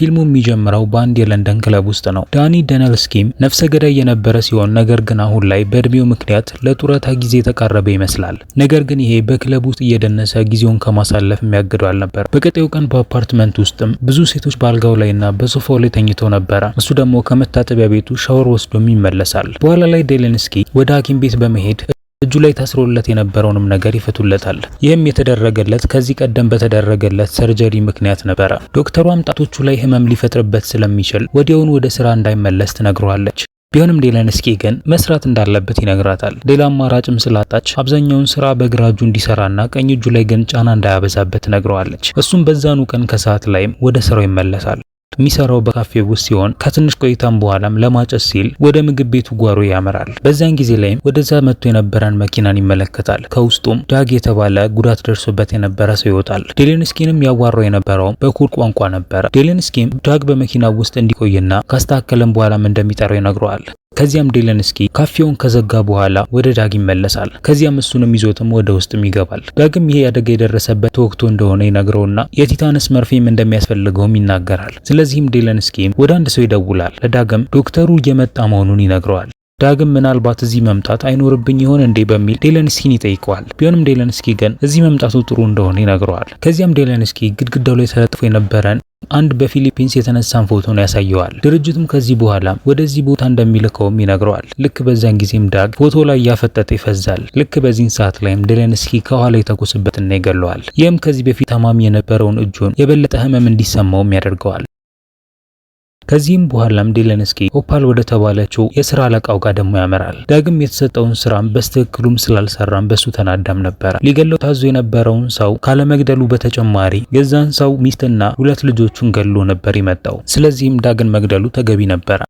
ፊልሙ የሚጀምረው በአንድ የለንደን ክለብ ውስጥ ነው። ዳኒ ደነልስኪም ነፍሰ ገዳይ የነበረ ሲሆን ነገር ግን አሁን ላይ በእድሜው ምክንያት ለጡረታ ጊዜ የተቃረበ ይመስላል። ነገር ግን ይሄ በክለብ ውስጥ እየደነሰ ጊዜውን ከማሳለፍ የሚያግደው አልነበር። በቀጣዩ ቀን በአፓርትመንት ውስጥም ብዙ ሴቶች በአልጋው ላይና በሶፋው ላይ ተኝተው ነበረ። እሱ ደግሞ ከመታጠቢያ ቤቱ ሻወር ወስዶም ይመለሳል። በኋላ ላይ ዴሌንስኪ ወደ ሐኪም ቤት በመሄድ እጁ ላይ ታስሮለት የነበረውንም ነገር ይፈቱለታል። ይህም የተደረገለት ከዚህ ቀደም በተደረገለት ሰርጀሪ ምክንያት ነበረ። ዶክተሯም ጣቶቹ ላይ ህመም ሊፈጥርበት ስለሚችል ወዲያውን ወደ ስራ እንዳይመለስ ትነግረዋለች። ቢሆንም ዴለንስኪ ግን መስራት እንዳለበት ይነግራታል። ሌላ አማራጭም ስላጣች አብዛኛውን ስራ በግራ እጁ እንዲሰራና ቀኝ እጁ ላይ ግን ጫና እንዳያበዛበት ትነግረዋለች። እሱም በዛኑ ቀን ከሰዓት ላይም ወደ ስራው ይመለሳል። የሚሰራው በካፌ ውስጥ ሲሆን ከትንሽ ቆይታም በኋላም ለማጨስ ሲል ወደ ምግብ ቤቱ ጓሮ ያመራል። በዚያን ጊዜ ላይም ወደዛ መጥቶ የነበረን መኪናን ይመለከታል። ከውስጡም ዳግ የተባለ ጉዳት ደርሶበት የነበረ ሰው ይወጣል። ዴሌንስኪንም ያዋራው የነበረውም በኩል ቋንቋ ነበረ። ዴሌንስኪም ዳግ በመኪና ውስጥ እንዲቆይና ካስተካከለም በኋላም እንደሚጠራው ይነግረዋል። ከዚያም ዴለንስኪ ካፌውን ከዘጋ በኋላ ወደ ዳግ ይመለሳል። ከዚያም እሱንም ይዞትም ወደ ውስጥም ይገባል። ዳግም ይሄ አደጋ የደረሰበት ተወግቶ እንደሆነ ይነግረውና የቲታንስ መርፌም እንደሚያስፈልገውም ይናገራል። ስለዚህም ዴለንስኪ ወደ አንድ ሰው ይደውላል። ለዳግም ዶክተሩ እየመጣ መሆኑን ይነግረዋል። ዳግም ምናልባት እዚህ መምጣት አይኖርብኝ ይሆን እንዴ በሚል ዴለንስኪን ይጠይቀዋል። ቢሆንም ዴለንስኪ ግን እዚህ መምጣቱ ጥሩ እንደሆነ ይነግረዋል። ከዚያም ዴለንስኪ ግድግዳው ላይ ተለጥፎ የነበረን አንድ በፊሊፒንስ የተነሳን ነው ያሳየዋል። ድርጅቱም ከዚህ በኋላ ወደዚህ ቦታ እንደሚልከውም ይነግረዋል። ልክ በዛን ጊዜም ዳግ ፎቶ ላይ እያፈጠጠ ይፈዛል። ልክ በዚህን ሰዓት ላይም ዜሌንስኪ ከኋላ የተኩስበትና ይገለዋል። ይህም ከዚህ በፊት ታማሚ የነበረውን እጁን የበለጠ ህመም እንዲሰማውም ያደርገዋል። ከዚህም በኋላም ዴለንስኪ ኦፓል ወደ ተባለችው የስራ አለቃው ጋር ደግሞ ያመራል። ዳግም የተሰጠውን ስራም በስትክክሉም ስላልሰራም በሱ ተናዳም ነበረ። ሊገለው ታዞ የነበረውን ሰው ካለመግደሉ በተጨማሪ የዛን ሰው ሚስትና ሁለት ልጆቹን ገሎ ነበር የመጣው። ስለዚህም ዳግን መግደሉ ተገቢ ነበረ።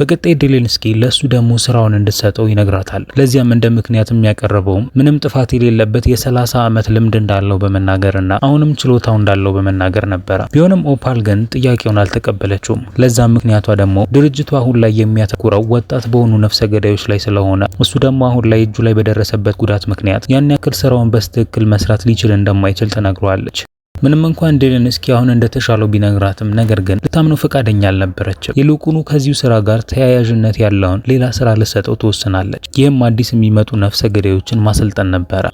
በቀጣይ ዴሌንስኪ ለእሱ ደግሞ ስራውን እንድትሰጠው ይነግራታል። ለዚያም እንደ ምክንያትም ያቀረበውም ምንም ጥፋት የሌለበት የሰላሳ ዓመት ልምድ እንዳለው በመናገርና አሁንም ችሎታው እንዳለው በመናገር ነበረ። ቢሆንም ኦፓል ግን ጥያቄውን አልተቀበለችውም። ለዛም ምክንያቷ ደግሞ ድርጅቱ አሁን ላይ የሚያተኩረው ወጣት በሆኑ ነፍሰ ገዳዮች ላይ ስለሆነ እሱ ደግሞ አሁን ላይ እጁ ላይ በደረሰበት ጉዳት ምክንያት ያን ያክል ስራውን በስትክክል መስራት ሊችል እንደማይችል ተናግረዋለች። ምንም እንኳን ዴለን እስኪ አሁን እንደተሻለው ቢነግራትም ነገር ግን ልታምነው ፈቃደኛ አልነበረችም። ይልቁኑ ከዚሁ ስራ ጋር ተያያዥነት ያለውን ሌላ ስራ ልሰጠው ትወስናለች። ይህም አዲስ የሚመጡ ነፍሰ ገዳዮችን ማሰልጠን ነበረ።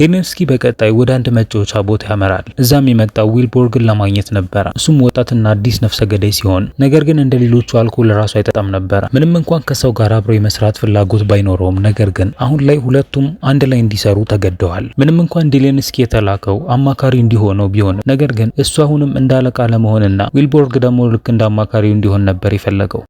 ዴኔቭስኪ በቀጣይ ወደ አንድ መጫወቻ ቦታ ያመራል። እዛም የመጣው ዊልቦርግን ለማግኘት ነበረ። እሱም ወጣትና አዲስ ነፍሰ ገዳይ ሲሆን ነገር ግን እንደ ሌሎቹ አልኮል ራሱ አይጠጣም ነበረ። ምንም እንኳን ከሰው ጋር አብሮ የመስራት ፍላጎት ባይኖረውም፣ ነገር ግን አሁን ላይ ሁለቱም አንድ ላይ እንዲሰሩ ተገደዋል። ምንም እንኳን ዴሌንስኪ የተላከው አማካሪ እንዲሆነው ቢሆንም ነገር ግን እሱ አሁንም እንዳለቃ ለመሆንና ዊልቦርግ ደግሞ ልክ እንደ አማካሪው እንዲሆን ነበር የፈለገው።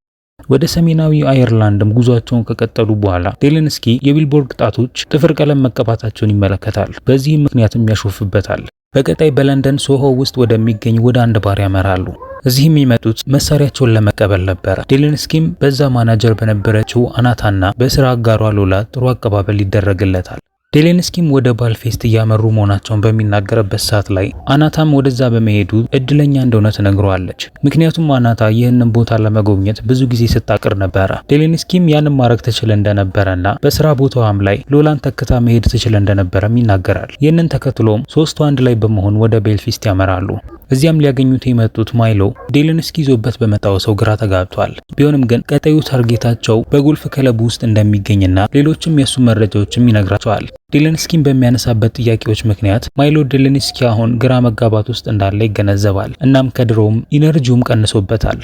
ወደ ሰሜናዊ አየርላንድም ጉዟቸውን ከቀጠሉ በኋላ ዜሌንስኪ የቢልቦርድ ጣቶች ጥፍር ቀለም መቀባታቸውን ይመለከታል። በዚህም ምክንያትም ያሾፍበታል። በቀጣይ በለንደን ሶሆ ውስጥ ወደሚገኝ ወደ አንድ ባር ያመራሉ። እዚህም የመጡት መሳሪያቸውን ለመቀበል ነበረ። ዜሌንስኪም በዛ ማናጀር በነበረችው አናታና በስራ አጋሯ ሎላ ጥሩ አቀባበል ይደረግለታል። ዜሌንስኪም ወደ ባልፌስት እያመሩ መሆናቸውን በሚናገርበት ሰዓት ላይ አናታም ወደዛ በመሄዱ እድለኛ እንደሆነ ትነግረዋለች። ምክንያቱም አናታ ይህንን ቦታ ለመጎብኘት ብዙ ጊዜ ስታቅር ነበረ። ዜሌንስኪም ያንን ማድረግ ትችል እንደነበረና በስራ ቦታዋም ላይ ሎላን ተክታ መሄድ ትችል እንደነበረም ይናገራል። ይህንን ተከትሎም ሶስቱ አንድ ላይ በመሆን ወደ ቤልፊስት ያመራሉ። እዚያም ሊያገኙት የመጡት ማይሎ ስኪ ይዞበት በመጣው ሰው ግራ ተጋብቷል። ቢሆንም ግን ቀጣዩ ታርጌታቸው በጎልፍ ክለብ ውስጥ እንደሚገኝና ሌሎችም የእሱ መረጃዎችም ይነግራቸዋል። ዴለንስኪን በሚያነሳበት ጥያቄዎች ምክንያት ማይሎ ዴለንስኪ አሁን ግራ መጋባት ውስጥ እንዳለ ይገነዘባል። እናም ከድሮውም ኢነርጂውም ቀንሶበታል።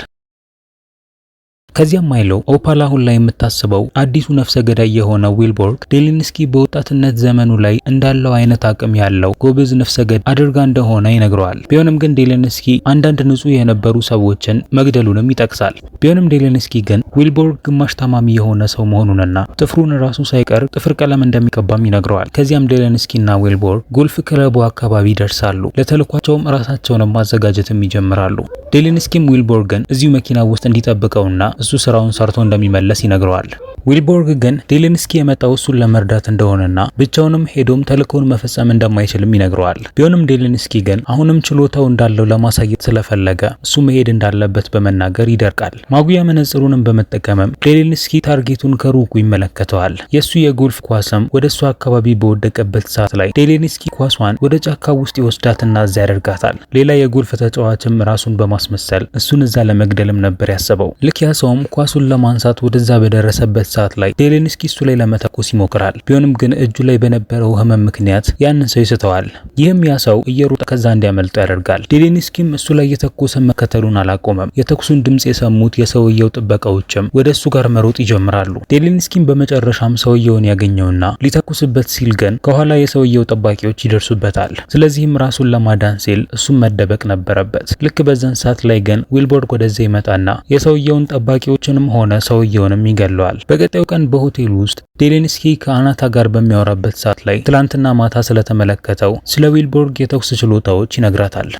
ከዚያም አይለው ኦፓል አሁን ላይ የምታስበው አዲሱ ነፍሰ ገዳይ የሆነ ዊልቦርግ ዴሊንስኪ በወጣትነት ዘመኑ ላይ እንዳለው አይነት አቅም ያለው ጎበዝ ነፍሰ ገዳይ አድርጋ እንደሆነ ይነግረዋል። ቢሆንም ግን ዴሊንስኪ አንዳንድ ንጹህ የነበሩ ሰዎችን መግደሉንም ይጠቅሳል። ቢሆንም ዴሊንስኪ ግን ዊልቦርግ ግማሽ ታማሚ የሆነ ሰው መሆኑንና ጥፍሩን ራሱ ሳይቀር ጥፍር ቀለም እንደሚቀባም ይነግረዋል። ከዚያም ዴሊንስኪና ዊልቦርግ ጎልፍ ክለቡ አካባቢ ይደርሳሉ። ለተልኳቸውም ራሳቸውንም ማዘጋጀትም ይጀምራሉ። ዴሊንስኪም ዊልቦርግን እዚሁ መኪና ውስጥ እንዲጠብቀውና እሱ ስራውን ሰርቶ እንደሚመለስ ይነግረዋል። ዊልቦርግ ግን ዜሌንስኪ የመጣው እሱን ለመርዳት እንደሆነና ብቻውንም ሄዶም ተልእኮውን መፈጸም እንደማይችልም ይነግረዋል። ቢሆንም ዜሌንስኪ ግን አሁንም ችሎታው እንዳለው ለማሳየት ስለፈለገ እሱ መሄድ እንዳለበት በመናገር ይደርቃል። ማጉያ መነጽሩንም በመጠቀምም ዜሌንስኪ ታርጌቱን ከሩቁ ይመለከተዋል። የእሱ የጎልፍ ኳስም ወደ እሱ አካባቢ በወደቀበት ሰዓት ላይ ዜሌንስኪ ኳሷን ወደ ጫካ ውስጥ ይወስዳትና እዛ ያደርጋታል። ሌላ የጎልፍ ተጫዋችም ራሱን በማስመሰል እሱን እዛ ለመግደልም ነበር ያሰበው። ልክ ያ ሰውም ኳሱን ለማንሳት ወደዛ በደረሰበት ሰዓት ላይ ዜሌንስኪ እሱ ላይ ለመተኮስ ይሞክራል። ቢሆንም ግን እጁ ላይ በነበረው ህመም ምክንያት ያንን ሰው ይስተዋል። ይህም ያ ሰው እየሮጠ ከዛ እንዲያመልጠው ያደርጋል። ዜሌንስኪም እሱ ላይ የተኮሰ መከተሉን አላቆመም። የተኩሱን ድምፅ የሰሙት የሰውየው ጥበቃዎችም ወደ እሱ ጋር መሮጥ ይጀምራሉ። ዜሌንስኪም በመጨረሻም ሰውየውን ያገኘውና ሊተኩስበት ሲል ግን ከኋላ የሰውየው ጠባቂዎች ይደርሱበታል። ስለዚህም ራሱን ለማዳን ሲል እሱም መደበቅ ነበረበት። ልክ በዛን ሰዓት ላይ ግን ዊልቦርድ ወደዚያ ይመጣና የሰውየውን ጠባቂዎችንም ሆነ ሰውየውንም ይገለዋል። በቀጣዩ ቀን በሆቴል ውስጥ ዴሌንስኪ ከአናታ ጋር በሚያወራበት ሰዓት ላይ ትላንትና ማታ ስለተመለከተው ስለ ዊልቦርግ የተኩስ ችሎታዎች ይነግራታል።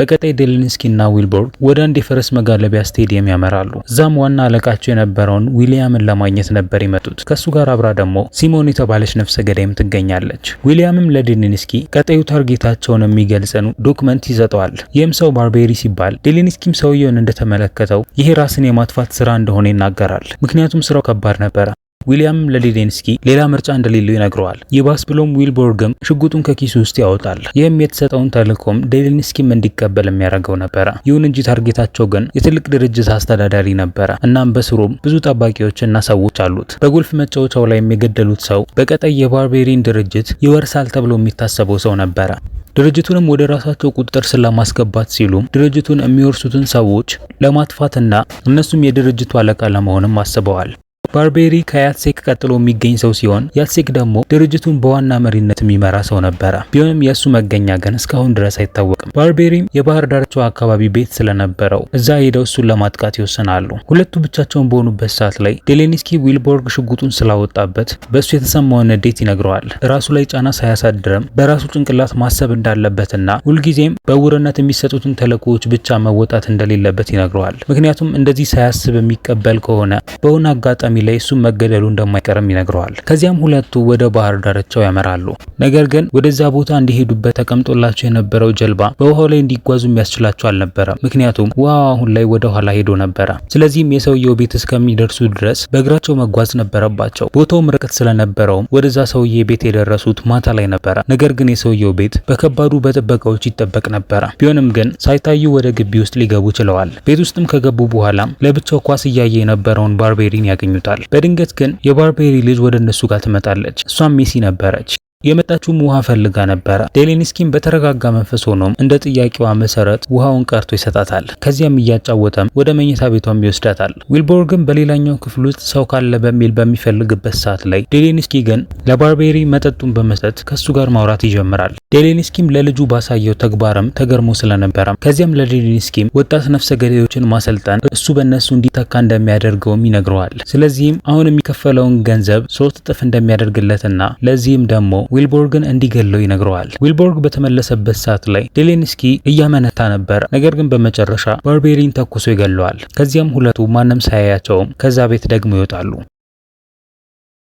በቀጣይ ዴሌንስኪ እና ዊልቦር ወደ አንድ የፈረስ መጋለቢያ ስቴዲየም ያመራሉ። እዛም ዋና አለቃቸው የነበረውን ዊሊያምን ለማግኘት ነበር የመጡት። ከእሱ ጋር አብራ ደግሞ ሲሞን የተባለች ነፍሰ ገዳይም ትገኛለች። ዊሊያምም ለዴሌንስኪ ቀጣዩ ታርጌታቸውን የሚገልጽን ዶክመንት ይሰጠዋል። ይህም ሰው ባርቤሪ ሲባል፣ ዴሌንስኪም ሰውየውን እንደተመለከተው ይሄ ራስን የማጥፋት ስራ እንደሆነ ይናገራል። ምክንያቱም ስራው ከባድ ነበረ። ዊሊያም ለዴዴንስኪ ሌላ ምርጫ እንደሌለው ይነግረዋል። ይባስ ብሎም ዊልቦርግም ሽጉጡን ከኪሱ ውስጥ ያወጣል። ይህም የተሰጠውን ተልእኮም ዴዴንስኪም እንዲቀበል የሚያደርገው ነበረ። ይሁን እንጂ ታርጌታቸው ግን የትልቅ ድርጅት አስተዳዳሪ ነበረ። እናም በስሩም ብዙ ጠባቂዎችና ሰዎች አሉት። በጎልፍ መጫወቻው ላይ የሚገደሉት ሰው በቀጣይ የባርቤሪን ድርጅት ይወርሳል ተብሎ የሚታሰበው ሰው ነበረ። ድርጅቱንም ወደ ራሳቸው ቁጥጥር ስር ለማስገባት ሲሉም ድርጅቱን የሚወርሱትን ሰዎች ለማጥፋትና እነሱም የድርጅቱ አለቃ ለመሆንም አስበዋል። ባርቤሪ ከያትሴክ ቀጥሎ የሚገኝ ሰው ሲሆን ያትሴክ ደግሞ ድርጅቱን በዋና መሪነት የሚመራ ሰው ነበረ። ቢሆንም የእሱ መገኛ ግን እስካሁን ድረስ አይታወቅም። ባርቤሪም የባህር ዳርቻው አካባቢ ቤት ስለነበረው እዛ ሄደው እሱን ለማጥቃት ይወስናሉ። ሁለቱ ብቻቸውን በሆኑበት ሰዓት ላይ ዴሌኒስኪ ዊልቦርግ ሽጉጡን ስላወጣበት በእሱ የተሰማውን ንዴት ይነግረዋል። ራሱ ላይ ጫና ሳያሳድርም በራሱ ጭንቅላት ማሰብ እንዳለበትና ሁልጊዜም በውርነት የሚሰጡትን ተልዕኮዎች ብቻ መወጣት እንደሌለበት ይነግረዋል። ምክንያቱም እንደዚህ ሳያስብ የሚቀበል ከሆነ በሆነ አጋጣሚ ላይ እሱ መገደሉ እንደማይቀርም ይነግረዋል። ከዚያም ሁለቱ ወደ ባህር ዳርቻው ያመራሉ። ነገር ግን ወደዛ ቦታ እንዲሄዱበት ተቀምጦላቸው የነበረው ጀልባ በውሃው ላይ እንዲጓዙ የሚያስችላቸው አልነበረም። ምክንያቱም ውሃው አሁን ላይ ወደ ኋላ ሄዶ ነበረ። ስለዚህም የሰውየው ቤት እስከሚደርሱ ድረስ በእግራቸው መጓዝ ነበረባቸው። ቦታውም ርቀት ስለነበረውም ወደዛ ሰውዬ ቤት የደረሱት ማታ ላይ ነበረ። ነገር ግን የሰውየው ቤት በከባዱ በጥበቃዎች ይጠበቅ ነበረ። ቢሆንም ግን ሳይታዩ ወደ ግቢ ውስጥ ሊገቡ ችለዋል። ቤት ውስጥም ከገቡ በኋላ ለብቻው ኳስ እያየ የነበረውን ባርቤሪን ያገኙታል። ይደርሳል። በድንገት ግን የባርቤሪ ልጅ ወደ እነሱ ጋር ትመጣለች። እሷም ሜሲ ነበረች። የመጣችውም ውሃ ፈልጋ ነበረ። ዴሌንስኪም በተረጋጋ መንፈስ ሆኖም እንደ ጥያቄዋ መሰረት ውሃውን ቀርቶ ይሰጣታል። ከዚያም እያጫወተም ወደ መኝታ ቤቷም ይወስዳታል። ዊልቦር ግን በሌላኛው ክፍል ውስጥ ሰው ካለ በሚል በሚፈልግበት ሰዓት ላይ ዴሌንስኪ ግን ለባርቤሪ መጠጡን በመስጠት ከሱ ጋር ማውራት ይጀምራል። ዴሌንስኪም ለልጁ ባሳየው ተግባርም ተገርሞ ስለነበረም ከዚያም ለዴሌንስኪም ወጣት ነፍሰ ገዳዮችን ማሰልጠን እሱ በእነሱ እንዲተካ እንደሚያደርገውም ይነግረዋል። ስለዚህም አሁን የሚከፈለውን ገንዘብ ሶስት እጥፍ እንደሚያደርግለትና ለዚህም ደግሞ ዊልቦርግን እንዲገለው ይነግረዋል። ዊልቦርግ በተመለሰበት ሰዓት ላይ ዴሌንስኪ እያመነታ ነበር ነገር ግን በመጨረሻ ባርቤሪን ተኩሶ ይገለዋል። ከዚያም ሁለቱ ማንም ሳያያቸውም ከዛ ቤት ደግሞ ይወጣሉ።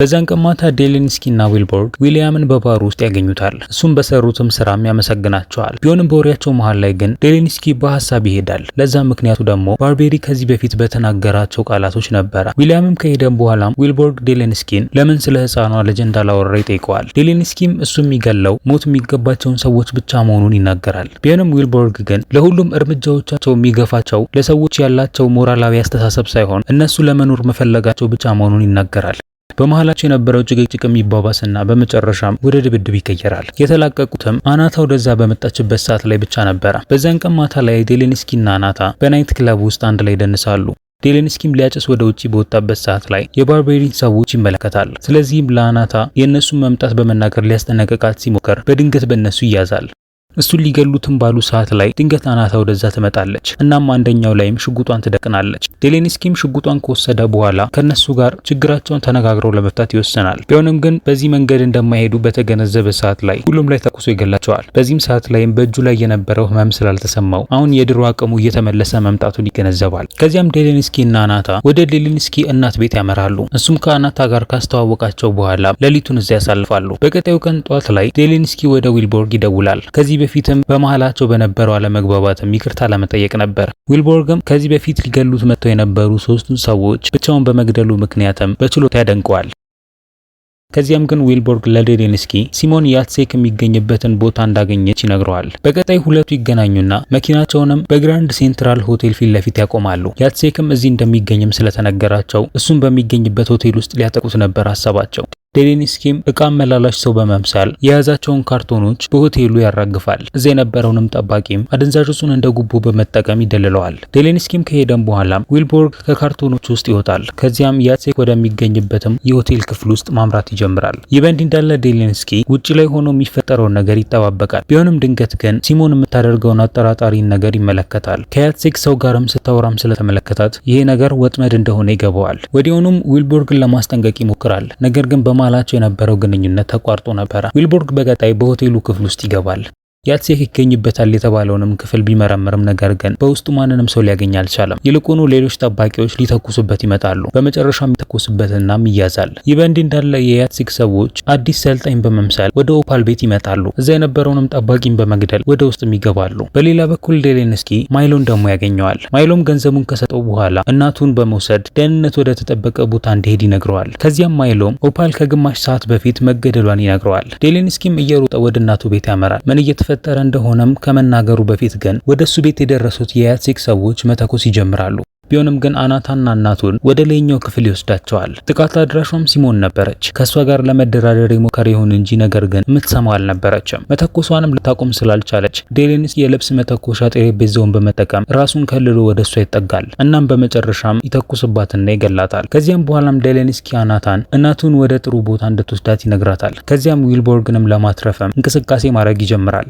በዚያን ቀን ማታ እና ዊልቦርግ ዊሊያምን በባሩ ውስጥ ያገኙታል። እሱም በሰሩትም ስራም ያመሰግናቸዋል። ቢሆንም በወሬያቸው መሀል ላይ ግን ዴሊንስኪ በሀሳብ ይሄዳል። ለዛ ምክንያቱ ደግሞ ባርቤሪ ከዚህ በፊት በተናገራቸው ቃላቶች ነበረ። ዊሊያምም ከሄደም በኋላም ዊልቦርግ ዴሌንስኪን ለምን ስለ ህፃኗ ለጀንዳ እንዳላወራ ይጠይቀዋል። ዴሌንስኪም እሱ የሚገለው ሞት የሚገባቸውን ሰዎች ብቻ መሆኑን ይናገራል። ቢሆንም ዊልቦርግ ግን ለሁሉም እርምጃዎቻቸው የሚገፋቸው ለሰዎች ያላቸው ሞራላዊ አስተሳሰብ ሳይሆን እነሱ ለመኖር መፈለጋቸው ብቻ መሆኑን ይናገራል። በመሀላቸው የነበረው ጭቅጭቅ የሚባባስና በመጨረሻም ወደ ድብድብ ይቀየራል። የተላቀቁትም አናታ ወደዛ በመጣችበት ሰዓት ላይ ብቻ ነበረ። በዚያን ቀን ማታ ላይ ዴሌንስኪና አናታ በናይት ክለብ ውስጥ አንድ ላይ ይደንሳሉ። ዴሌንስኪም ሊያጨስ ወደ ውጪ በወጣበት ሰዓት ላይ የባርቤሪን ሰዎች ይመለከታል። ስለዚህም ለአናታ የእነሱን መምጣት በመናገር ሊያስጠነቅቃት ሲሞከር በድንገት በእነሱ ይያዛል። እሱን ሊገሉትም ባሉ ሰዓት ላይ ድንገት አናታ ወደዛ ትመጣለች። እናም አንደኛው ላይም ሽጉጧን ትደቅናለች። ዴሌንስኪም ሽጉጧን ከወሰደ በኋላ ከነሱ ጋር ችግራቸውን ተነጋግረው ለመፍታት ይወሰናል። ቢሆንም ግን በዚህ መንገድ እንደማይሄዱ በተገነዘበ ሰዓት ላይ ሁሉም ላይ ተኩሶ ይገላቸዋል። በዚህም ሰዓት ላይም በእጁ ላይ የነበረው ህመም ስላልተሰማው አሁን የድሮ አቅሙ እየተመለሰ መምጣቱን ይገነዘባል። ከዚያም ዴሌንስኪ እና አናታ ወደ ዴሌንስኪ እናት ቤት ያመራሉ። እሱም ከአናታ ጋር ካስተዋወቃቸው በኋላ ሌሊቱን እዚያ ያሳልፋሉ። በቀጣዩ ቀን ጧት ላይ ዴሌንስኪ ወደ ዊልቦርግ ይደውላል። ከዚህ በፊትም በመሃላቸው በነበረው አለመግባባትም ይቅርታ ለመጠየቅ ነበር። ዊልቦርግም ከዚህ በፊት ሊገሉት መጥተው የነበሩ ሶስቱን ሰዎች ብቻውን በመግደሉ ምክንያትም በችሎታ ያደንቀዋል። ከዚያም ግን ዊልቦርግ ለዴዴንስኪ ሲሞን ያትሴክ የሚገኝበትን ቦታ እንዳገኘች ይነግረዋል። በቀጣይ ሁለቱ ይገናኙና መኪናቸውንም በግራንድ ሴንትራል ሆቴል ፊት ለፊት ያቆማሉ። ያትሴክም እዚህ እንደሚገኝም ስለተነገራቸው እሱም በሚገኝበት ሆቴል ውስጥ ሊያጠቁት ነበር ሀሳባቸው። ዴሌኒስኪም እቃ አመላላሽ ሰው በመምሰል የያዛቸውን ካርቶኖች በሆቴሉ ያራግፋል። እዚ የነበረውንም ጠባቂም አደንዛዥ እጹን እንደ ጉቦ በመጠቀም ይደልለዋል። ዴሌኒስኪም ከሄደም በኋላም ዊልቦርግ ከካርቶኖች ውስጥ ይወጣል። ከዚያም ያሴክ ወደሚገኝበትም የሆቴል ክፍል ውስጥ ማምራት ይጀምራል። ይህ በእንዲህ እንዳለ ዴሌንስኪ ውጭ ላይ ሆኖ የሚፈጠረውን ነገር ይጠባበቃል። ቢሆንም ድንገት ግን ሲሞን የምታደርገውን አጠራጣሪን ነገር ይመለከታል። ከያሴክ ሰው ጋርም ስታወራም ስለተመለከታት ይሄ ነገር ወጥመድ እንደሆነ ይገባዋል። ወዲያውኑም ዊልቦርግን ለማስጠንቀቅ ይሞክራል። ነገር ግን በማ በመሃላቸው የነበረው ግንኙነት ተቋርጦ ነበረ። ዊልቦርግ በቀጣይ በሆቴሉ ክፍል ውስጥ ይገባል። ያትሴክ ይገኝበታል የተባለውንም ክፍል ቢመረምርም ነገር ግን በውስጡ ማንንም ሰው ሊያገኝ አልቻለም። ይልቁኑ ሌሎች ጠባቂዎች ሊተኩሱበት ይመጣሉ። በመጨረሻም ይተኩሱበትና ይያዛል። ይህ በእንዲህ እንዳለ የያትሴክ ሰዎች አዲስ ሰልጣኝ በመምሰል ወደ ኦፓል ቤት ይመጣሉ። እዛ የነበረውንም ጠባቂን በመግደል ወደ ውስጥም ይገባሉ። በሌላ በኩል ዴሌንስኪ ማይሎን ደግሞ ያገኘዋል። ማይሎም ገንዘቡን ከሰጠው በኋላ እናቱን በመውሰድ ደህንነት ወደ ተጠበቀ ቦታ እንዲሄድ ይነግረዋል። ከዚያም ማይሎም ኦፓል ከግማሽ ሰዓት በፊት መገደሏን ይነግረዋል። ዴሌንስኪም እየሮጠ ወደ እናቱ ቤት ያመራል። ምን እየተፈጠረ እንደሆነም ከመናገሩ በፊት ግን ወደ እሱ ቤት የደረሱት የያሲክ ሰዎች መተኮስ ይጀምራሉ። ቢሆንም ግን አናታና እናቱን ወደ ላይኛው ክፍል ይወስዳቸዋል። ጥቃት አድራሿም ሲሞን ነበረች። ከእሷ ጋር ለመደራደር የሞከረ ይሁን እንጂ ነገር ግን የምትሰማው አልነበረችም። መተኮሷንም ልታቆም ስላልቻለች ዴሌንስ የልብስ መተኮሻ ጠረጴዛውን በመጠቀም ራሱን ከልሎ ወደ እሷ ይጠጋል። እናም በመጨረሻም ይተኩስባትና ይገላታል። ከዚያም በኋላም ዴሌኒስ አናታን እናቱን ወደ ጥሩ ቦታ እንድትወስዳት ይነግራታል። ከዚያም ዊልቦርግንም ለማትረፍም እንቅስቃሴ ማድረግ ይጀምራል።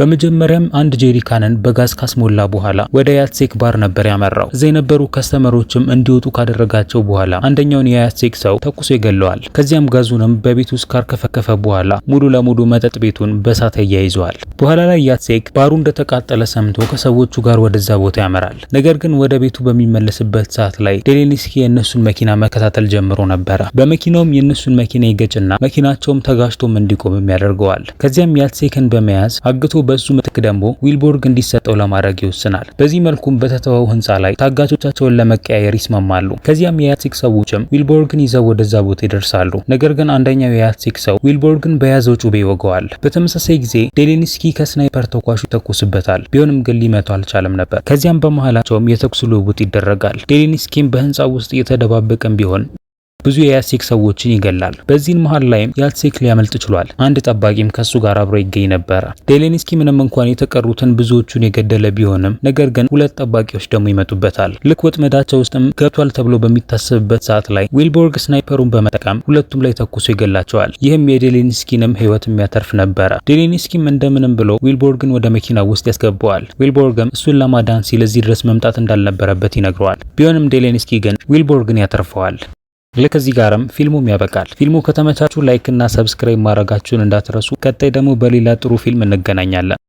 በመጀመሪያም አንድ ጄሪካንን በጋዝ ካስሞላ በኋላ ወደ ያትሴክ ባር ነበር ያመራው። እዚያ የነበሩ ከስተመሮችም እንዲወጡ ካደረጋቸው በኋላ አንደኛውን የያትሴክ ሰው ተኩሶ ይገለዋል። ከዚያም ጋዙንም በቤት ውስጥ ካርከፈከፈ በኋላ ሙሉ ለሙሉ መጠጥ ቤቱን በሳት ያይዘዋል። በኋላ ላይ ያትሴክ ባሩ እንደተቃጠለ ሰምቶ ከሰዎቹ ጋር ወደዛ ቦታ ያመራል። ነገር ግን ወደ ቤቱ በሚመለስበት ሰዓት ላይ ዴሌኒስኪ የእነሱን መኪና መከታተል ጀምሮ ነበረ። በመኪናውም የእነሱን መኪና ይገጭና መኪናቸውም ተጋጭቶም እንዲቆምም ያደርገዋል። ከዚያም ያትሴክን በመያዝ አግቶ ተተክቶ በእሱ ምትክ ደግሞ ዊልቦርግ እንዲሰጠው ለማድረግ ይወስናል። በዚህ መልኩም በተተወው ህንፃ ላይ ታጋቾቻቸውን ለመቀያየር ይስማማሉ። ከዚያም የያትሲክ ሰዎችም ዊልቦርግን ይዘው ወደዛ ቦታ ይደርሳሉ። ነገር ግን አንደኛው የያትሲክ ሰው ዊልቦርግን በያዘው ጩቤ ይወገዋል። በተመሳሳይ ጊዜ ዴሌንስኪ ከስናይፐር ተኳሹ ይተኩስበታል። ቢሆንም ግን ሊመታው አልቻለም ነበር። ከዚያም በመሃላቸውም የተኩስ ልውውጥ ይደረጋል። ዴሌንስኪም በህንፃ ውስጥ እየተደባበቀም ቢሆን ብዙ የያሴክ ሰዎችን ይገላል። በዚህን መሀል ላይም ያሴክ ሊያመልጥ ችሏል። አንድ ጠባቂም ከሱ ጋር አብሮ ይገኝ ነበረ። ዴሌንስኪ ምንም እንኳን የተቀሩትን ብዙዎቹን የገደለ ቢሆንም ነገር ግን ሁለት ጠባቂዎች ደግሞ ይመጡበታል። ልክ ወጥመዳቸው ውስጥም ገብቷል ተብሎ በሚታሰብበት ሰዓት ላይ ዊልቦርግ ስናይፐሩን በመጠቀም ሁለቱም ላይ ተኩሶ ይገላቸዋል። ይህም የዴሌንስኪንም ህይወት የሚያተርፍ ነበረ። ዴሌንስኪም እንደምንም ብሎ ዊልቦርግን ወደ መኪና ውስጥ ያስገባዋል። ዊልቦርግም እሱን ለማዳን ሲል እዚህ ድረስ መምጣት እንዳልነበረበት ይነግረዋል። ቢሆንም ዴሌንስኪ ግን ዊልቦርግን ያተርፈዋል። ልክ እዚህ ጋርም ፊልሙም ያበቃል። ፊልሙ ከተመቻቹ ላይክና ሰብስክራይብ ማድረጋችሁን እንዳትረሱ። ቀጣይ ደግሞ በሌላ ጥሩ ፊልም እንገናኛለን።